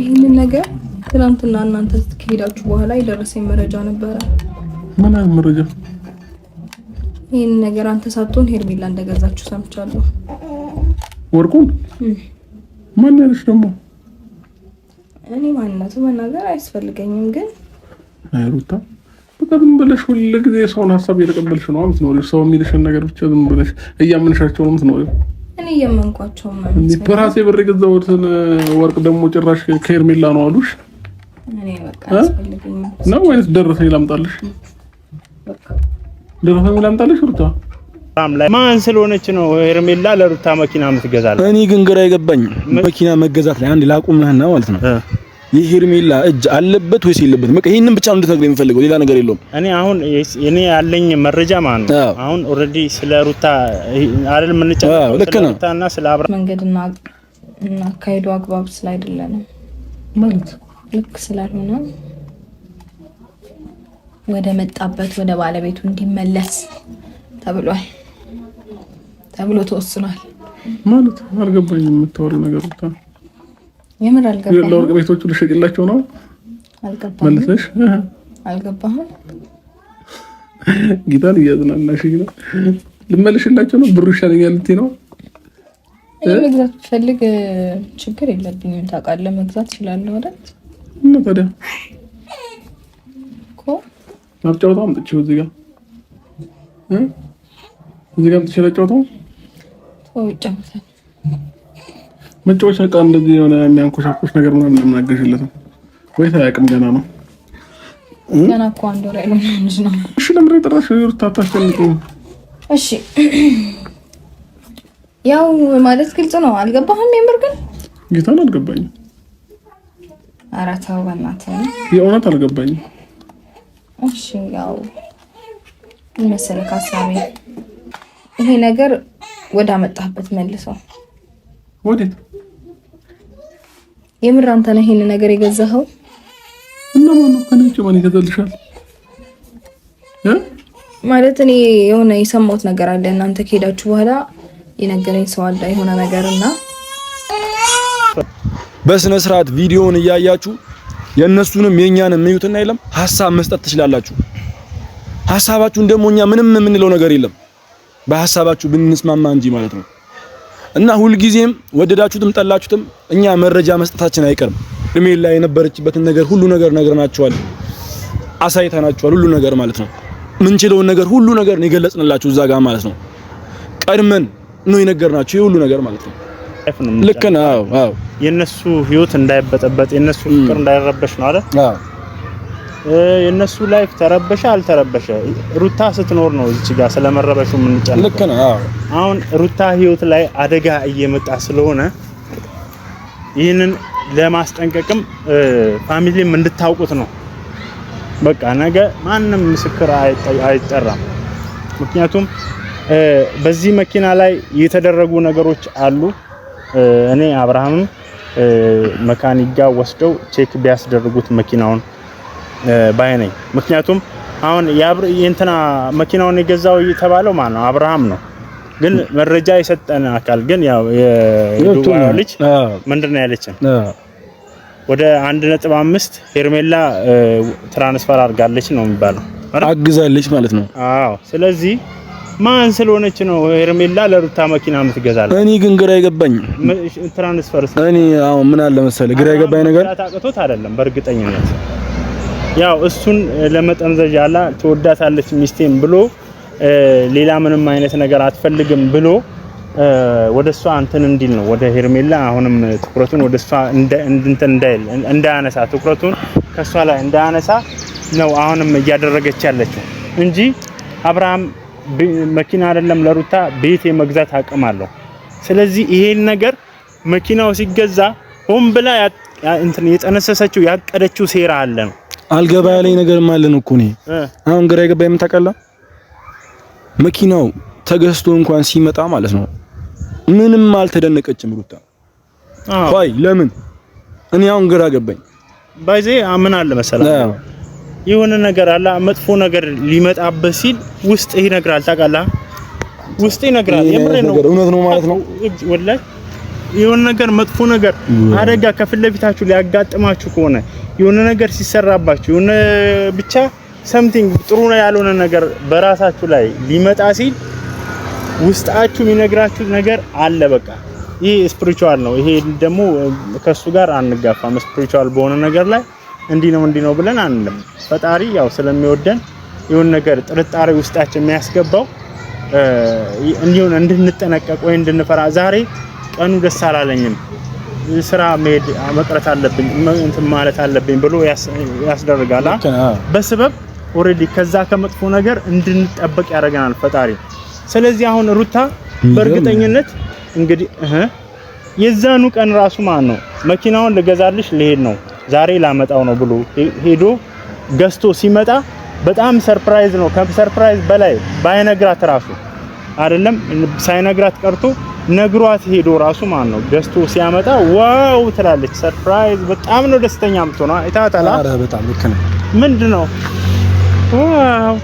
ይህንን ነገር ትናንትና እናንተ ከሄዳችሁ በኋላ የደረሰኝ መረጃ ነበረ። ምን አይነት መረጃ? ይህን ነገር አንተ ሳትሆን ሄርሜላ እንደገዛችሁ ሰምቻለሁ። ወርቁን ማን ያለሽ ደግሞ? እኔ ማንነቱ መናገር አያስፈልገኝም፣ ግን አይሩታ በቃ ዝም ብለሽ ሁልጊዜ ሰውን ሀሳብ እየተቀበልሽ ነው የምትኖሪው። ሰው የሚልሽን ነገር ብቻ ዝም ብለሽ እያመንሻቸው ነው የምትኖሪው። እኔ የመንኳቸው ማለት በራሴ ብር የገዛሁትን ወርቅ ደግሞ ጭራሽ ከሄርሜላ ነው አሉሽ። እኔ በቃ አስፈልገኝ ነው ወይስ ደረሰኝ ላምጣልሽ? በቃ ደረሰኝ ላምጣልሽ ሩታ ማን ስለሆነች ነው ሄርሜላ ለሩታ መኪና የምትገዛላት? እኔ ግን ግራ የገባኝ መኪና መገዛት ላይ አንድ ላቁምና ማለት ነው የሄርሜላ እጅ አለበት ወይስ የለበት? በቃ ይሄንን ብቻ ነው እንድትነግረኝ የምፈልገው ሌላ ነገር የለውም። እኔ አሁን እኔ ያለኝ መረጃ ማለት ነው አሁን ኦልሬዲ ስለ ሩታ አይደል የምንጨርሰው ልክ ነው። ሩታና ስለ አብራ መንገድና አካሄዱ አግባብ ስላይደለ ነው ማለት ልክ ስላልሆነ ወደ መጣበት ወደ ባለቤቱ እንዲመለስ ተብሏል ተብሎ ተወስኗል ማለት አልገባኝም የምታወራው ነገር ሩታ ለወርቅ ቤቶቹ ልሸጭላቸው ነው። መልሰሽ አልገባህም። ጌታን እያዝናናሽ ነው። ልመልሽላቸው ነው። ብሩ ይሻለኛል ልትይ ነው። መግዛት ብፈልግ ችግር የለብኝም። ታውቃለህ፣ መግዛት እችላለሁ አይደል? እና ታዲያ እኮ ላጫውተው አምጥቼው እዚህ ጋር እዚህ ጋር መጫወቻ ዕቃ እንደዚህ የሆነ የሚያንኮሻኮሽ ነገር ምናምን ነው ወይ ታያቅም ገና ነው። ገና እኮ አንድ ወር ያለው ልጅ ነው። እሺ ለምንድን ጠራሽ? የጠራሽ? ሩታ አታስጨንቁ። እሺ ያው ማለት ግልጽ ነው። አልገባህም? የምር ግን ጌታን አልገባኝም። ኧረ ተው በእናትህ የእውነት አልገባኝም። እሺ ያው ይመስል ሀሳቤ ይሄ ነገር ወደ አመጣህበት መልሰው ወዴት የምር አንተ ነህ ይሄን ነገር የገዛኸው? እና ነው ከነጭ ማን ይገዛልሻል? ማለት እኔ የሆነ የሰማሁት ነገር አለ። እናንተ ከሄዳችሁ በኋላ የነገረኝ ሰው አለ የሆነ ነገርና በስነ ስርዓት ቪዲዮውን እያያችሁ የእነሱንም የእኛንም እዩትና የለም ሀሳብ መስጠት ትችላላችሁ። ሀሳባችሁን ደግሞ እኛ ምንም የምንለው ነገር የለም። በሀሳባችሁ ብንስማማ እንጂ ማለት ነው። እና ሁልጊዜም ወደዳችሁትም ጠላችሁትም እኛ መረጃ መስጠታችን አይቀርም። ላይ የነበረችበትን ነገር ሁሉ ነገር ነግረናችኋል፣ አሳይተናችኋል። ሁሉ ነገር ማለት ነው ምንችለውን ነገር ሁሉ ነገር ነው የገለጽንላችሁ እዛ ጋር ማለት ነው። ቀድመን ነው የነገርናችሁ ይሄ ሁሉ ነገር ማለት ነው። ልክ ነው። አዎ አዎ የነሱ ህይወት እንዳይበጠበጥ የነሱ ፍቅር እንዳይረበሽ ነው አይደል? አዎ የእነሱ ላይፍ ተረበሸ አልተረበሸ ሩታ ስትኖር ነው እዚህ ጋር ስለመረበሹ የምንጨነቀው። ልክ ነው። አሁን ሩታ ህይወት ላይ አደጋ እየመጣ ስለሆነ ይህንን ለማስጠንቀቅም ፋሚሊም እንድታውቁት ነው። በቃ ነገ ማንም ምስክር አይጠራም። ምክንያቱም በዚህ መኪና ላይ የተደረጉ ነገሮች አሉ። እኔ አብርሃምም መካኒጋ ወስደው ቼክ ቢያስደርጉት መኪናውን ባይ ነኝ። ምክንያቱም አሁን የእንትና መኪናውን የገዛው የተባለው ማን ነው? አብርሃም ነው። ግን መረጃ የሰጠን አካል ግን ያው የዱባዩ ልጅ ምንድን ነው ያለችን ወደ አንድ ነጥብ አምስት ሄርሜላ ትራንስፈር አድርጋለች ነው የሚባለው አግዛለች ማለት ነው። አዎ ስለዚህ ማን ስለሆነች ነው ሄርሜላ ለሩታ መኪና የምትገዛለች? እኔ ግን ግራ የገባኝ ትራንስፈር እኔ አዎ፣ ምን አለ መሰለህ ግራ የገባኝ ነገር ታቅቶት አይደለም በእርግጠኝነት ያው እሱን ለመጠምዘዣ አላ ትወዳታለች ሚስቴን ብሎ ሌላ ምንም አይነት ነገር አትፈልግም ብሎ ወደ እሷ እንትን እንዲል ነው ወደ ሄርሜላ አሁንም ትኩረቱን ወደ እሷ እንትን እንዳይል እንዳያነሳ ትኩረቱን ከእሷ ላይ እንዳያነሳ ነው አሁንም እያደረገች ያለችው እንጂ አብርሃም መኪና አይደለም ለሩታ ቤት የመግዛት አቅም አለው። ስለዚህ ይሄን ነገር መኪናው ሲገዛ ሆን ብላ እንትን የጠነሰሰችው ያቀደችው ሴራ አለ ነው። አልገባ ያለኝ ነገርም አለን እኮ እኔ አሁን ግራ የገባኝ ምን ታውቃለህ፣ መኪናው ተገዝቶ እንኳን ሲመጣ ማለት ነው ምንም አልተደነቀችም ሩታ። ቆይ ለምን እኔ አሁን ግራ ገባኝ። ባይዜ ምን አለ መሰለህ የሆነ ነገር አለ መጥፎ ነገር ሊመጣበት ሲል ውስጥ ይነግራል፣ ታውቃለህ፣ ውስጥ ይነግራል። የምሬን ነው፣ እውነት ነው ማለት ነው ወላሂ የሆነ ነገር መጥፎ ነገር አደጋ ከፊት ለፊታችሁ ሊያጋጥማችሁ ከሆነ የሆነ ነገር ሲሰራባችሁ የሆነ ብቻ ሰምቲንግ ጥሩ ያልሆነ ነገር በራሳችሁ ላይ ሊመጣ ሲል ውስጣችሁ የሚነግራችሁ ነገር አለ። በቃ ይሄ ስፕሪቹዋል ነው፣ ይሄ ደግሞ ከሱ ጋር አንጋፋም። ስፒሪቹዋል በሆነ ነገር ላይ እንዲህ ነው እንዲህ ነው ብለን አንልም። ፈጣሪ ያው ስለሚወደን የሆነ ነገር ጥርጣሬ ውስጣችን የሚያስገባው እንዲሁን እንድንጠነቀቅ ወይ እንድንፈራ ዛሬ ቀኑ ደስ አላለኝም፣ ስራ መሄድ መቅረት አለብኝ እንትን ማለት አለብኝ ብሎ ያስደርጋል። በስበብ ኦልሬዲ ከዛ ከመጥፎ ነገር እንድንጠበቅ ያደርገናል ፈጣሪ። ስለዚህ አሁን ሩታ በእርግጠኝነት እንግዲህ የዛኑ ቀን ራሱ ማን ነው መኪናውን ልገዛልሽ ልሄድ ነው ዛሬ ላመጣው ነው ብሎ ሄዶ ገዝቶ ሲመጣ በጣም ሰርፕራይዝ ነው። ከሰርፕራይዝ በላይ ባይነግራት ራሱ አይደለም ሳይነግራት ቀርቶ ነግሯት ሄዶ ራሱ ማን ነው ገዝቶ ሲያመጣ ዋው ትላለች። ሰርፕራይዝ በጣም ነው ደስተኛ የምትሆነው። አይታታላ። አረ በጣም ልክ ነው። ምንድነው ዋው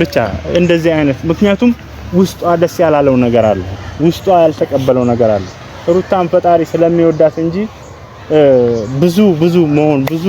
ብቻ እንደዚህ አይነት ምክንያቱም ውስጧ ደስ ያላለው ነገር አለ፣ ውስጧ ያልተቀበለው ነገር አለ። ሩታን ፈጣሪ ስለሚወዳት እንጂ ብዙ ብዙ መሆን ብዙ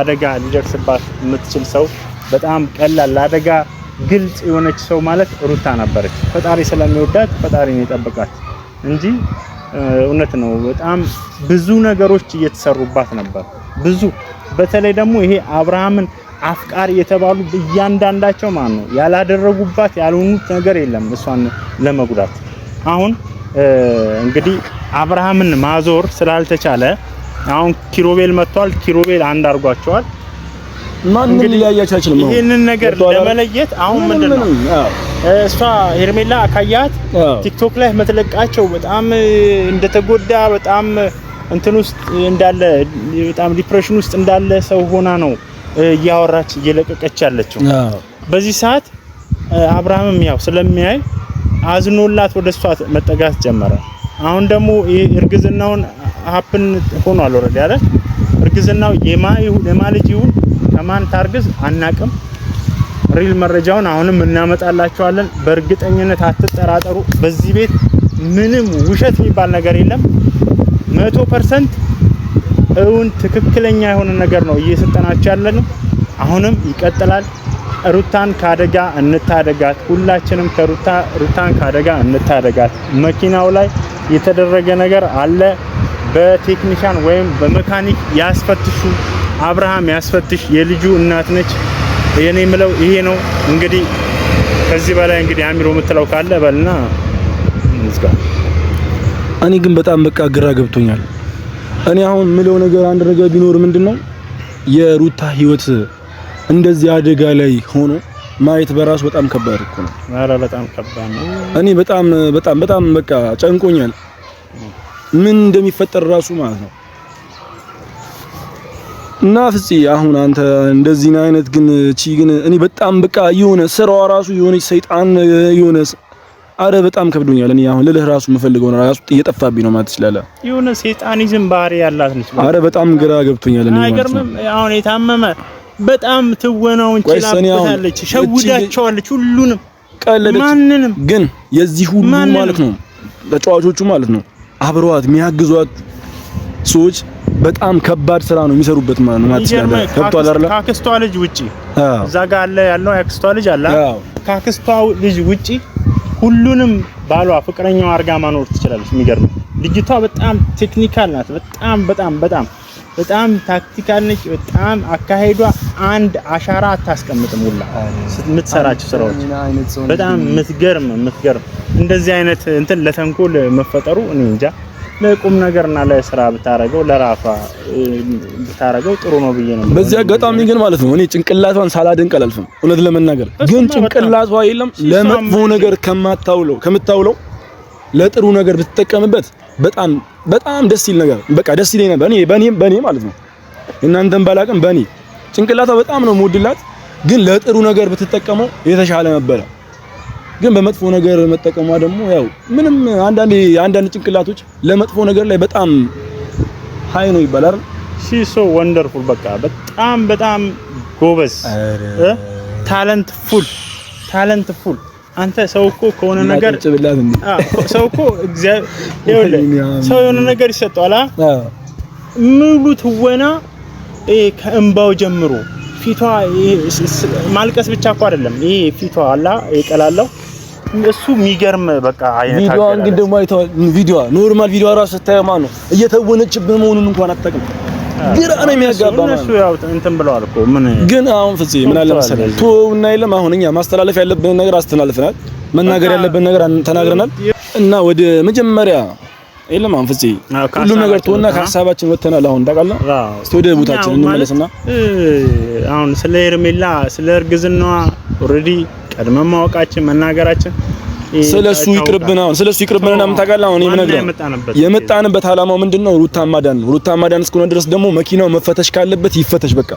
አደጋ ሊደርስባት የምትችል ሰው በጣም ቀላል አደጋ ግልጽ የሆነች ሰው ማለት ሩታ ነበረች። ፈጣሪ ስለሚወዳት ፈጣሪ ነው የጠበቃት እንጂ እውነት ነው። በጣም ብዙ ነገሮች እየተሰሩባት ነበር። ብዙ በተለይ ደግሞ ይሄ አብርሃምን አፍቃሪ የተባሉ እያንዳንዳቸው ማን ነው ያላደረጉባት ያልሆኑት ነገር የለም እሷን ለመጉዳት። አሁን እንግዲህ አብርሃምን ማዞር ስላልተቻለ አሁን ኪሮቤል መጥቷል። ኪሮቤል አንድ አድርጓቸዋል። ማንም ሊለያያቸው አይችልም። ይሄንን ነገር ለመለየት አሁን ምንድን እሷ ሄርሜላ አካያት ቲክቶክ ላይ የምትለቃቸው በጣም እንደተጎዳ በጣም እንትን ውስጥ እንዳለ በጣም ዲፕሬሽን ውስጥ እንዳለ ሰው ሆና ነው እያወራች እየለቀቀች ያለችው። በዚህ ሰዓት አብርሃምም ያው ስለሚያይ አዝኖላት ወደ እሷ መጠጋት ጀመረ። አሁን ደግሞ እርግዝናውን ሀፕን ሆኗል ኦልሬዲ አይደል? እርግዝናው የማ ልጅ ይሁን ከማን ታርግዝ አናቅም። ሪል መረጃውን አሁንም እናመጣላችኋለን። በእርግጠኝነት አትጠራጠሩ። በዚህ ቤት ምንም ውሸት የሚባል ነገር የለም። መቶ ፐርሰንት እውን ትክክለኛ የሆነ ነገር ነው እየሰጠናችሁ ያለነው። አሁንም ይቀጥላል። ሩታን ከአደጋ እንታደጋት። ሁላችንም ከሩታ ሩታን ከአደጋ እንታደጋት። መኪናው ላይ የተደረገ ነገር አለ። በቴክኒሻን ወይም በመካኒክ ያስፈትሹ። አብርሃም ያስፈትሽ። የልጁ እናት ነች። የኔ ምለው ይሄ ነው። እንግዲህ ከዚህ በላይ እንግዲህ አሚሮ የምትለው ካለ በልና እንዝጋ። እኔ ግን በጣም በቃ ግራ ገብቶኛል። እኔ አሁን ምለው ነገር አንድ ነገር ቢኖር ምንድነው የሩታ ህይወት እንደዚህ አደጋ ላይ ሆኖ ማየት በራሱ በጣም ከባድ እኮ ነው። ኧረ በጣም ከባድ ነው። እኔ በጣም በጣም በጣም በቃ ጨንቆኛል። ምን እንደሚፈጠር ራሱ ማለት ነው እና ፍፄ አሁን አንተ እንደዚህ አይነት ግን እቺ ግን እኔ በጣም በቃ የሆነ ስራዋ ራሱ የሆነ ሰይጣን የሆነ አረ በጣም ከብዶኛል። እኔ አሁን ልልህ ራሱ የምፈልገው ነው ራሱ እየጠፋብኝ ነው ማለት ትችላለህ። የሆነ ሰይጣኒዝም ባህሪ ያላት ነች። አረ በጣም ግራ ገብቶኛል። እኔ አይገርምም። አሁን የታመመ በጣም ትወናውን ችላበታለች፣ ሸውዳቸዋለች። ሁሉንም ቀለደች። ማንንም ግን የዚህ ሁሉ ማለት ነው ተጫዋቾቹ ማለት ነው አብረዋት የሚያግዟት ሰዎች በጣም ከባድ ስራ ነው የሚሰሩበት ማለት ነው። ማለት ከብቷል አይደል? ካክስቷ ልጅ ውጪ እዛ ጋር አለ ያለው ያክስቷ ልጅ አለ። ካክስቷ ልጅ ውጪ ሁሉንም ባሏ ፍቅረኛው አርጋ ማኖር ትችላለች። የሚገርም ልጅቷ በጣም ቴክኒካል ናት። በጣም በጣም በጣም በጣም ታክቲካል ነች። በጣም አካሄዷ አንድ አሻራ አታስቀምጥም። ሁላ የምትሰራቸው ስራዎች በጣም የምትገርም የምትገርም እንደዚህ አይነት እንትን ለተንኮል መፈጠሩ እኔ እንጃ ለቁም ነገርና ለስራ ብታረገው ለራፋ ብታረገው ጥሩ ነው ብዬ ነው። በዚህ አጋጣሚ ግን ማለት ነው እኔ ጭንቅላቷን ሳላደንቅ አላልፍም። እውነት ለመናገር ግን ጭንቅላቷ የለም ለመጥፎ ነገር ከማታውለው ከምታውለው ለጥሩ ነገር ብትጠቀምበት በጣም በጣም ደስ ይል ነገር በቃ ደስ ይለኝ ነበር። በኔ በኔ ማለት ነው እናንተን ባላቅም በኔ ጭንቅላቷ በጣም ነው የምወድላት፣ ግን ለጥሩ ነገር ብትጠቀመው የተሻለ ነበረ። ግን በመጥፎ ነገር መጠቀሟ ደግሞ ያው ምንም አንዳንድ አንዳንድ ጭንቅላቶች ለመጥፎ ነገር ላይ በጣም ሀይ ነው ይባላል። ሺ ሶ ወንደርፉል በቃ በጣም በጣም ጎበዝ ታለንት ፉል ታለንት ፉል አንተ ሰው እኮ ከሆነ ነገር ሰው እኮ ሰው የሆነ ነገር ይሰጠዋል። ሙሉ ትወና ከእንባው ጀምሮ ፊቷ ማልቀስ ብቻ እኮ አይደለም። ይሄ ፊቷ አላ ይቀላለው እሱ የሚገርም በቃ አይነት ቪዲዮ እንግዲህ ደግሞ አይተዋል። ቪዲዮ ኖርማል ቪዲዮ ራሱ ስታየው ማለት ነው እየተወነችብህ መሆኑን እንኳን አታውቅም። ግራ ነው የሚያጋባ እሱ ያው እንትን ብለዋል እኮ ምን ግን አሁን ፍፄ ምን አለ መሰለህ ተወውና የለም አሁን እኛ ማስተላለፍ ያለብን ነገር አስተላልፈናል፣ መናገር ያለብን ነገር ተናግረናል እና ወደ መጀመሪያ የለም አሁን ፍፄ ሁሉም ነገር ተወና ከሀሳባችን ወተናል። አሁን ታውቃለህ፣ እስኪ ወደ ቦታችን እንመለስና አሁን ስለ ሄርሜላ ስለ እርግዝናዋ ኦልሬዲ ቀድመን ማወቃችን መናገራችን ስለሱ ይቅርብና አሁን ስለሱ ይቅርብና ምን ታውቃለህ? አሁን የምነግርህ የመጣንበት አላማው ምንድነው? ሩታ ማዳን ነው። ሩታ ማዳን እስከሆነ ድረስ ደግሞ መኪናው መፈተሽ ካለበት ይፈተሽ በቃ።